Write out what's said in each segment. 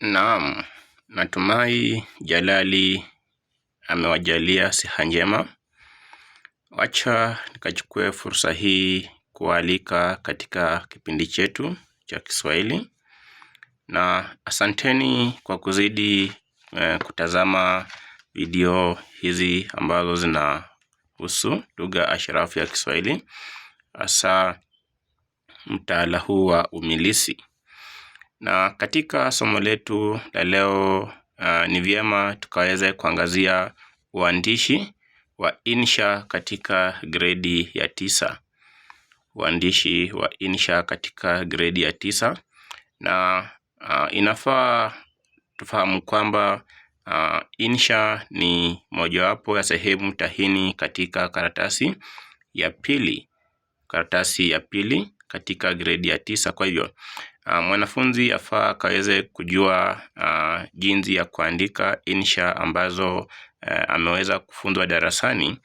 Naam, natumai Jalali amewajalia siha njema. Wacha nikachukue fursa hii kualika katika kipindi chetu cha Kiswahili, na asanteni kwa kuzidi eh, kutazama video hizi ambazo zinahusu lugha ashirafu ya Kiswahili, hasa mtaala huu wa umilisi. Na katika somo letu la leo uh, ni vyema tukaweza kuangazia uandishi wa insha katika gredi ya tisa, uandishi wa insha katika gredi ya tisa. Na uh, inafaa tufahamu kwamba uh, insha ni mojawapo ya sehemu tahini katika karatasi ya pili, karatasi ya pili katika gredi ya tisa. Kwa hivyo Uh, mwanafunzi afaa akaweze kujua uh, jinsi ya kuandika insha ambazo uh, ameweza kufunzwa darasani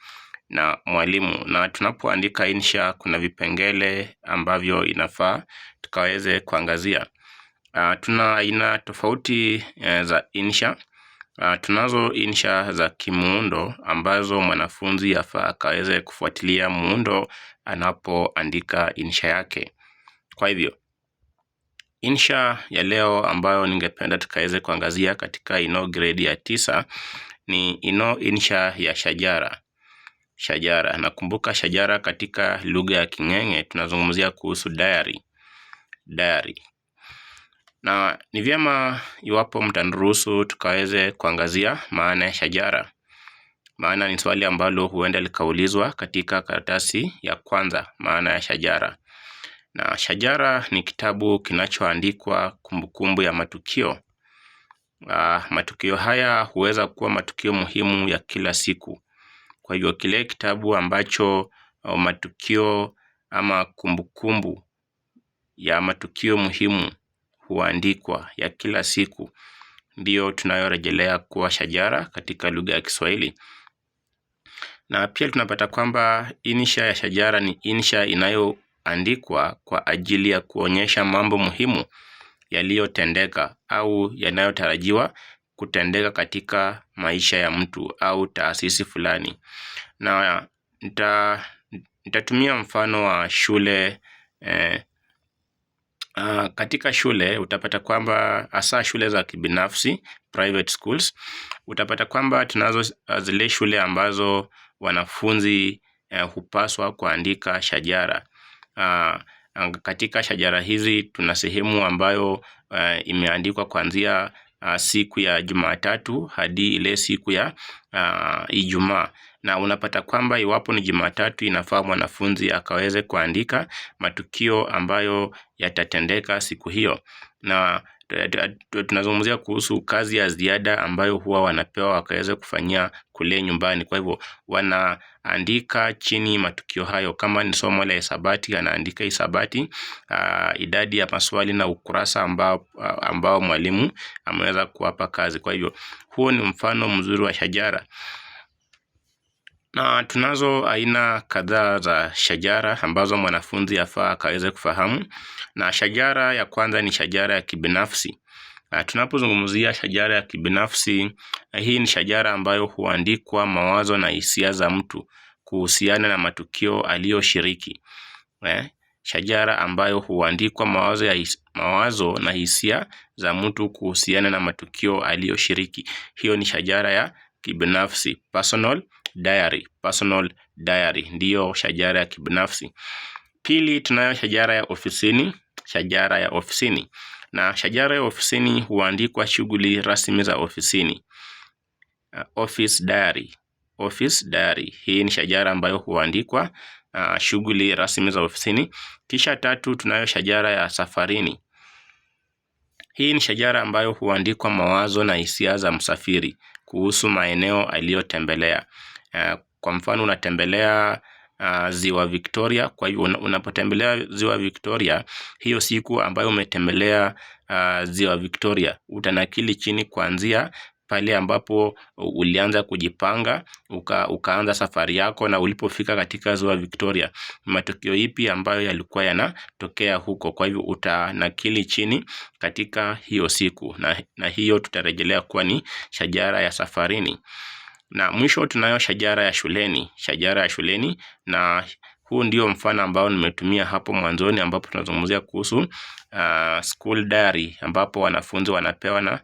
na mwalimu. Na tunapoandika insha, kuna vipengele ambavyo inafaa tukaweze kuangazia. Uh, tuna aina tofauti uh, za insha. Uh, tunazo insha za kimuundo ambazo mwanafunzi afaa akaweze kufuatilia muundo anapoandika insha yake. Kwa hivyo Insha ya leo ambayo ningependa tukaweze kuangazia katika ino grade ya tisa ni ino insha ya shajara. Shajara nakumbuka shajara katika lugha ya King'eng'e tunazungumzia kuhusu diary. Diary. Na ni vyema iwapo mtaniruhusu tukaweze kuangazia maana ya shajara, maana ni swali ambalo huenda likaulizwa katika karatasi ya kwanza, maana ya shajara na Shajara ni kitabu kinachoandikwa kumbukumbu ya matukio. Uh, matukio haya huweza kuwa matukio muhimu ya kila siku. Kwa hivyo kile kitabu ambacho uh, matukio ama kumbukumbu kumbu ya matukio muhimu huandikwa ya kila siku ndiyo tunayorejelea kuwa shajara katika lugha ya Kiswahili. Na pia tunapata kwamba insha ya shajara ni insha inayo andikwa kwa ajili ya kuonyesha mambo muhimu yaliyotendeka au yanayotarajiwa kutendeka katika maisha ya mtu au taasisi fulani. Na nita nitatumia mfano wa shule eh, Uh, katika shule utapata kwamba hasa shule za kibinafsi private schools, utapata kwamba tunazo zile shule ambazo wanafunzi eh, hupaswa kuandika shajara Uh, katika shajara hizi tuna sehemu ambayo uh, imeandikwa kuanzia uh, ah, siku ya Jumatatu hadi ile siku ya uh, Ijumaa na unapata kwamba iwapo ni Jumatatu inafaa mwanafunzi akaweze kuandika matukio ambayo yatatendeka siku hiyo na tunazungumzia kuhusu kazi ya ziada ambayo huwa wanapewa wakaweze kufanyia kule nyumbani. Kwa hivyo wanaandika chini matukio hayo, kama ni somo la hisabati anaandika hisabati, uh, idadi ya maswali na ukurasa ambao, ambao mwalimu ameweza kuwapa kazi. Kwa hivyo huo ni mfano mzuri wa shajara. Na tunazo aina kadhaa za shajara ambazo mwanafunzi afaa akaweze kufahamu, na shajara ya kwanza ni shajara ya kibinafsi. Tunapozungumzia shajara ya kibinafsi, hii ni shajara ambayo huandikwa mawazo na hisia za mtu kuhusiana na matukio aliyoshiriki. Eh, shajara ambayo huandikwa mawazo, ya his, mawazo na hisia za mtu kuhusiana na matukio aliyoshiriki, hiyo ni shajara ya kibinafsi personal diary, personal diary, ndiyo shajara ya kibinafsi. Pili, tunayo shajara ya ofisini, shajara ya ofisini na shajara ya ofisini huandikwa shughuli rasmi za ofisini, uh, office diary, office diary. Hii ni shajara ambayo huandikwa uh, shughuli rasmi za ofisini. Kisha tatu, tunayo shajara ya safarini. Hii ni shajara ambayo huandikwa mawazo na hisia za msafiri kuhusu maeneo aliyotembelea. Eh, kwa mfano unatembelea uh, ziwa Victoria. Kwa hivyo unapotembelea ziwa Victoria hiyo siku ambayo umetembelea uh, ziwa Victoria utanakili chini kuanzia pale ambapo ulianza kujipanga uka, ukaanza safari yako na ulipofika katika ziwa Victoria, matukio ipi ambayo yalikuwa yanatokea huko. Kwa hivyo utanakili chini katika hiyo siku na, na hiyo tutarejelea kuwa ni shajara ya safarini. Na mwisho tunayo shajara ya shuleni, shajara ya shuleni na huu ndio mfano ambao nimetumia hapo mwanzoni ambapo tunazungumzia kuhusu uh, school diary ambapo wanafunzi wanapewa na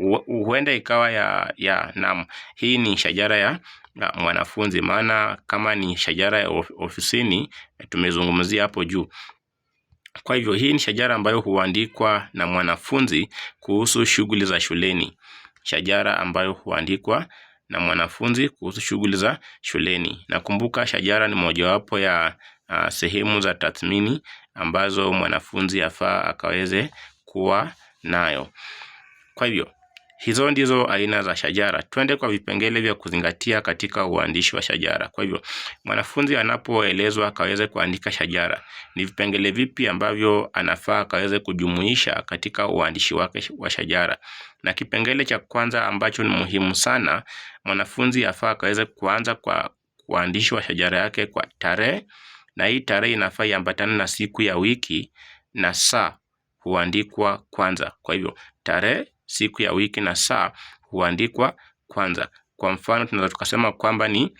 uh, huenda ikawa ya, ya naam, hii ni shajara ya ah, mwanafunzi, maana kama ni shajara ya ofisini tumezungumzia hapo juu. Kwa hivyo hii ni shajara ambayo huandikwa na mwanafunzi kuhusu shughuli za shuleni, shajara ambayo huandikwa na mwanafunzi kuhusu shughuli za shuleni. Nakumbuka shajara ni mojawapo ya a, sehemu za tathmini ambazo mwanafunzi afaa akaweze kuwa nayo. Kwa hivyo Hizo ndizo aina za shajara. Twende kwa vipengele vya kuzingatia katika uandishi wa shajara. Kwa hivyo mwanafunzi anapoelezwa akaweze kuandika shajara, ni vipengele vipi ambavyo anafaa akaweze kujumuisha katika uandishi wake wa shajara? Na kipengele cha kwanza ambacho ni muhimu sana, mwanafunzi afaa akaweze kuanza kwa uandishi wa shajara yake kwa tarehe, na hii tarehe inafaa iambatane na siku ya wiki na saa huandikwa kwanza. Kwa hivyo tarehe siku ya wiki na saa huandikwa kwanza. Kwa mfano tunaweza tukasema kwamba ni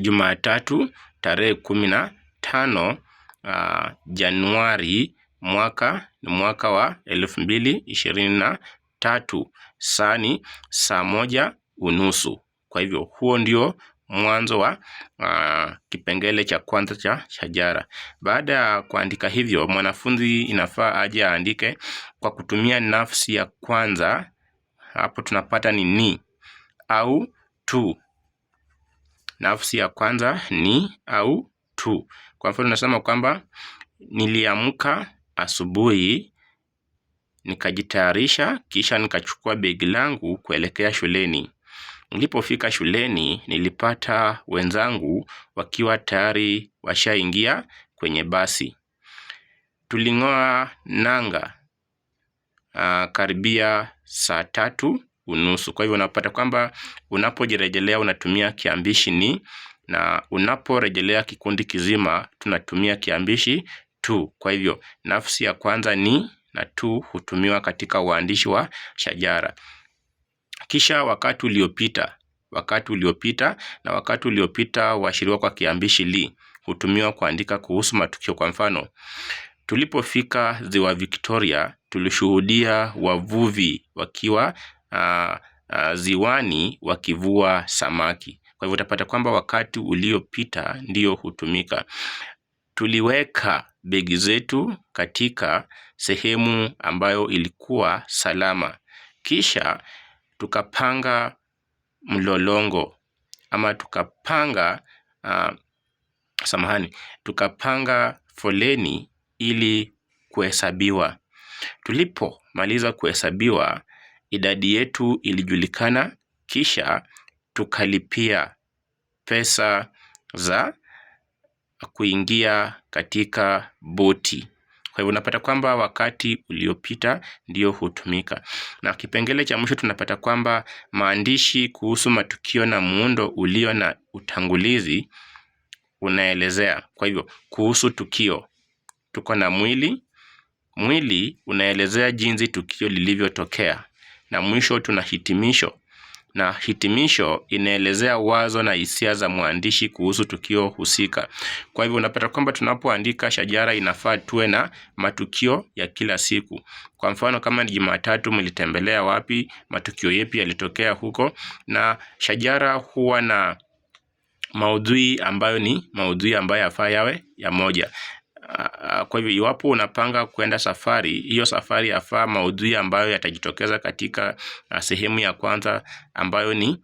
Jumatatu tarehe kumi na tano uh, Januari mwaka ni mwaka wa elfu mbili ishirini na tatu. Saa ni saa moja unusu. Kwa hivyo huo ndio mwanzo wa uh, kipengele cha kwanza cha shajara. Baada ya kuandika hivyo, mwanafunzi inafaa aje aandike kwa kutumia nafsi ya kwanza. Hapo tunapata ni ni au tu. Nafsi ya kwanza ni au tu. Kwa mfano tunasema kwamba niliamka asubuhi nikajitayarisha kisha nikachukua begi langu kuelekea shuleni. Nilipofika shuleni nilipata wenzangu wakiwa tayari washaingia kwenye basi. Tuling'oa nanga aa, ah, karibia saa tatu unusu. Kwa hivyo unapata kwamba unapojirejelea unatumia kiambishi ni na unaporejelea kikundi kizima tunatumia kiambishi tu. Kwa hivyo nafsi ya kwanza ni na tu hutumiwa katika uandishi wa shajara. Kisha wakati uliopita, wakati uliopita na wakati uliopita huashiriwa kwa kiambishi li, hutumiwa kuandika kuhusu matukio. Kwa mfano, tulipofika ziwa Victoria, tulishuhudia wavuvi wakiwa uh, uh, ziwani wakivua samaki. Kwa hivyo utapata kwamba wakati uliopita ndio hutumika. Tuliweka begi zetu katika sehemu ambayo ilikuwa salama. Kisha tukapanga mlolongo ama tukapanga uh, samahani, tukapanga foleni ili kuhesabiwa. Tulipomaliza kuhesabiwa, idadi yetu ilijulikana, kisha tukalipia pesa za kuingia katika boti. Kwa hivyo unapata kwamba wakati uliopita ndio hutumika. Na kipengele cha mwisho tunapata kwamba maandishi kuhusu matukio na muundo ulio na utangulizi unaelezea. Kwa hivyo kuhusu tukio tuko na mwili. Mwili unaelezea jinsi tukio lilivyotokea, na mwisho tuna hitimisho na hitimisho inaelezea wazo na hisia za mwandishi kuhusu tukio husika. Kwa hivyo unapata kwamba tunapoandika shajara inafaa tuwe na matukio ya kila siku. Kwa mfano kama ni Jumatatu mlitembelea wapi, matukio yepi yalitokea huko, na shajara huwa na maudhui ambayo ni maudhui ambayo yafaa yawe ya moja. Kwa hivyo iwapo unapanga kwenda safari, hiyo safari yafaa maudhui ambayo yatajitokeza katika sehemu ya kwanza ambayo ni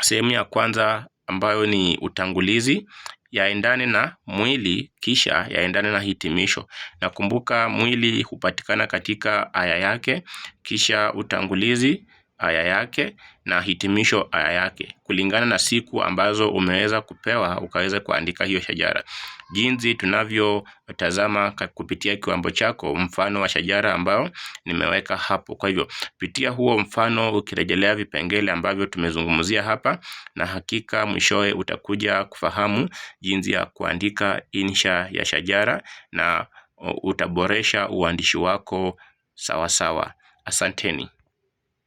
sehemu ya kwanza ambayo ni utangulizi yaendane na mwili kisha yaendane na hitimisho. Na kumbuka mwili hupatikana katika aya yake kisha utangulizi aya yake na hitimisho aya yake, kulingana na siku ambazo umeweza kupewa ukaweza kuandika hiyo shajara. Jinsi tunavyotazama kupitia kiwambo chako, mfano wa shajara ambao nimeweka hapo. Kwa hivyo pitia huo mfano ukirejelea vipengele ambavyo tumezungumzia hapa, na hakika mwishowe utakuja kufahamu jinsi ya kuandika insha ya shajara na utaboresha uandishi wako sawasawa. Asanteni.